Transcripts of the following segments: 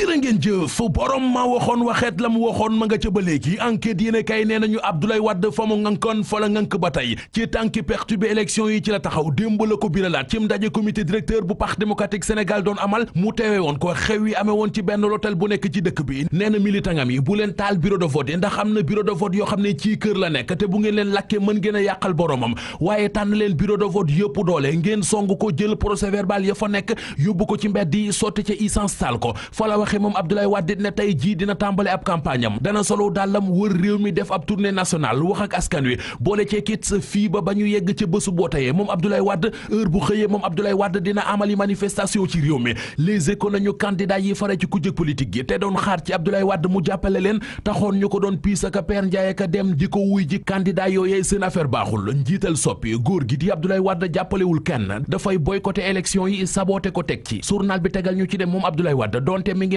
jërë ngeen jëf borom ma waxoon waxeet la mu waxoon ma nga ca ba léegi enquête yéen kay nee nañu Abdoulaye Wade fa mu ngankoon fa la ngank ba tey ci tànki perturbé élection yi ci la taxaw démb la ko biralaat ci ndaje comité directeur bu parti démocratique Sénégal doon amal mu teewe woon ko xew yi amee woon ci benn hôtel bu nekk ci dëkk bi nee na militangam yi bu leen taal bureau de vote yi ndax am na bureau de vote yoo xam ne ci kër la nekk te bu ngeen leen lakkee a yàqal boromam waaye leen bureau de vote yëpp doole ngeen song ko jël procès verbal ya fa nekk yóbbu ko ci mbedd yi sotti ca essence ko waxe moom Abdoulaye Wade ne tey jii dina tàmbale ab campagne am dana solo dàllam wër réew mi def ab tournée nationale wax ak askan wi boole cee sa fii ba ba ñu yegg ca bésu boo moom Abdoulaye Wade heure bu xëyee moom Abdoulaye Wade dina amali manifestation ci réew mi les écoles nañu candidat yi fare ci kujje politique gi te doon xaar ci Abdoulaye Wade mu jàppale leen taxoon ñu ko doon piis ak Père Ndiaye ak dem di ko wuy ji candidat yooyee seen affaire baaxul njiital soppi góor gi di Abdoulaye Wade jàppalewul kenn dafay yi saboté ko teg ci bi tegal ñu ci dem moom Abdoulaye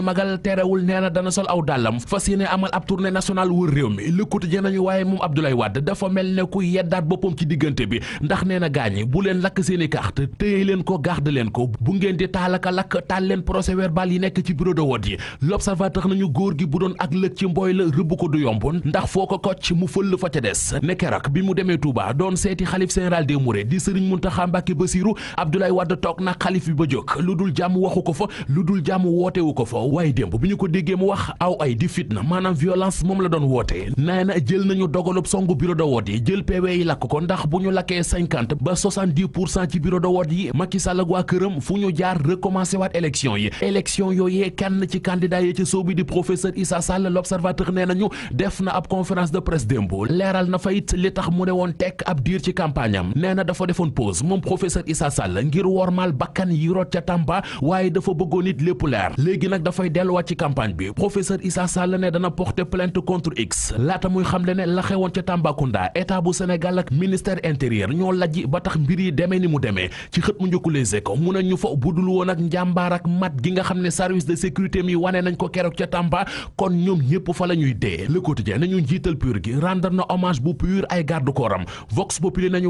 magal terewul nee na dana sol aw dàllam fas yéene amal ab tournée nationale wër réew mi Le Quotidien nañu waaye moom Abdoulaye Wade dafa mel ne ku yeddaat boppam ci diggante bi ndax nee na gaañi bu leen lakk seen i carte téye leen ko garde leen ko bu ngeen di taalaka lakk taal leen procès verbal yi nekk ci bureau de vote yi L'Observateur nañu góor gi bu doon ak lëg ci mbooy la rëbb ko du yomb ndax foo ko kocc mu fëll fa ca des ne keroog bi mu demee Touba doon seeti xalif général des Mourides di Serigne Mountakha Mbacké Bassirou Abdoulaye Wade toog na xalif bi ba jóg lu dul jàmm waxu ko fa lu dul jàmm wootewu waaye démb bi ñu ko déggee mu wax aw ay di fitna maanaam violence moom la doon wootee nee na jël nañu dogalub songu bureau de vote yi jël PV yi lakk ko ndax bu ñu lakkee cinquante ba soixante-dix pour cent ci bureau de vote yi Macky Sall ak waa këram fu ñu jaar recommencé waat élection yi élection yooyee kenn ci candidat yi ci soobi di professeur Issa Sall l'observateur nee nañu def na ab conférence de presse démb leeral na fa it li tax mu ne woon tekk ab diir ci campagne nee na dafa defoon pause moom professeur Issa Sall ngir wormal bakkan yi rot ca Tamba waaye dafa bëggoon it lépp leer léegi dafay delluwaat ci campagne bi professeur Issa Sall ne dana porter plainte contre X laata muy xamle ne la xewoon ca Tambacounda état bu Sénégal ak ministère intérieur ñoo lajji ba tax mbir yi demee ni mu demee ci xët mu njëkku Les Échos mu ne ñu fa budul woon ak njàmbaar ak mat gi nga xam ne service de sécurité mi wane nañ ko keroog ca Tamba kon ñoom ñëpp fa la dee Le nañu njiital PUR gi rendre na bu PUR ay garde corps Vox Populi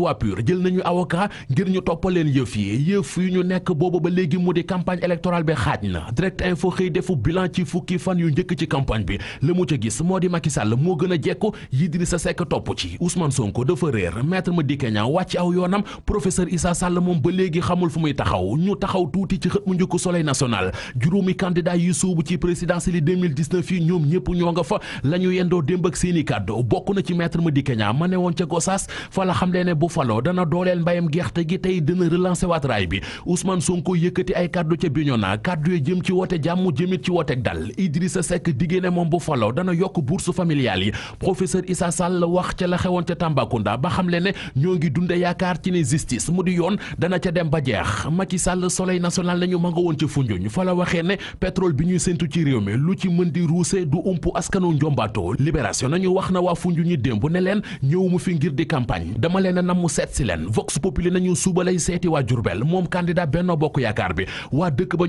defu bilan ci fukki fan yu njëkk ci campagne bi la mu ca gis moo di Macky moo gën a jekku Idrissa Seck topp ci Ousmane Sonko dafa réer maître Madické Niang wàcc aw yoonam professeur Issa Sall ba léegi xamul fu muy taxaw ñu taxaw tuuti ci xët mu njëkk Soleil juróomi candidat yi suubu ci présidentielle 2019 yi ñoom ñëpp ñoo nga fa la yendoo démb ak seeni kàddu bokk na ci maître Madické Niang ma ne woon ca Gossas fa la xam lee ne dana dooleel jëmit ci wooteeg dal Idrissa Seck diggée ne moom bu faloo dana yokk bourse familiale yi professeur Issa Sall wax ca la xewoon ca Tambacounda ba xam le ne ñoo ngi dunde yaakaar ci ne justice mu di yoon dana ca dem ba jeex Macky Sall soleil national nañu ma nga woon ca Foundiougne fa la waxee ne pétrole bi ñuy séntu ci réew mi lu ci mën di ruuse du ump askanu njombato libération nañu wax na waa Foundiougne démb ne leen ñëw mu fi ngir di campagne dama leen a nam seet si leen vox populi nañu suba lay seeti waa Jurbel moom candidat Benno Bokk Yaakaar bi waa dëkk ba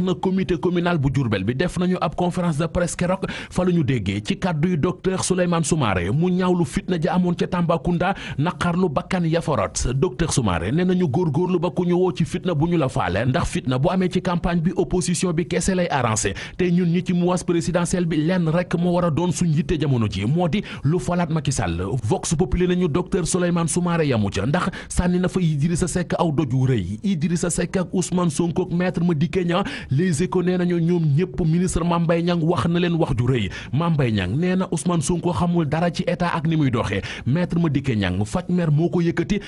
tax na comité communal bu Diourbel bi def nañu ab conférence de presse keroog fa la ñu déggee ci kàddu yu docteur Souleymane Soumaré mu ñaawlu fitna ja amoon ca Tambacounda naqarlu bakkan ya forot docteur Soumaré nee nañu góorgóorlu ba ku ñu woo ci fitna bu ñu la faale ndax fitna bu amee ci campagne bi opposition bi kese lay arrangé te ñun ñi ci mouvance présidentielle bi lenn rek moo war a doon suñ yitte jamono ji moo di lu falaat Macky Sall Vox Populi nañu docteur Souleymane Soumaré yamu ca ndax sànni na fa Idrissa Seck aw doju rëy sa Seck ak Ousmane Sonko ak ma Madické Niang Les ko nee nañu ñoom ñëpp ministre Mame Mbaye Niang wax na leen wax ju rëy Mame Mbaye Niang nee na Ousmane Sonko xamul dara ci état ak ni muy doxee ma dikke Niang faj mer moo ko yëkkati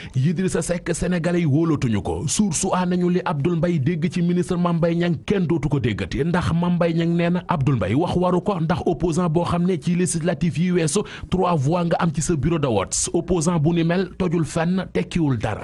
sa Seck sénégalais yi woolatuñu ko suur su a nañu li Abdoul mbay dégg ci ministre Mame Mbaye Niang kenn dootu ko déggati ndax Mame Mbaye nee na Abdoul Mbaye wax waru ko ndax opposant boo xam ne ci législatif yi weesu trois voix nga am ci sa bureau de vote opposant bu ni mel tojul fenn tekkiwul dara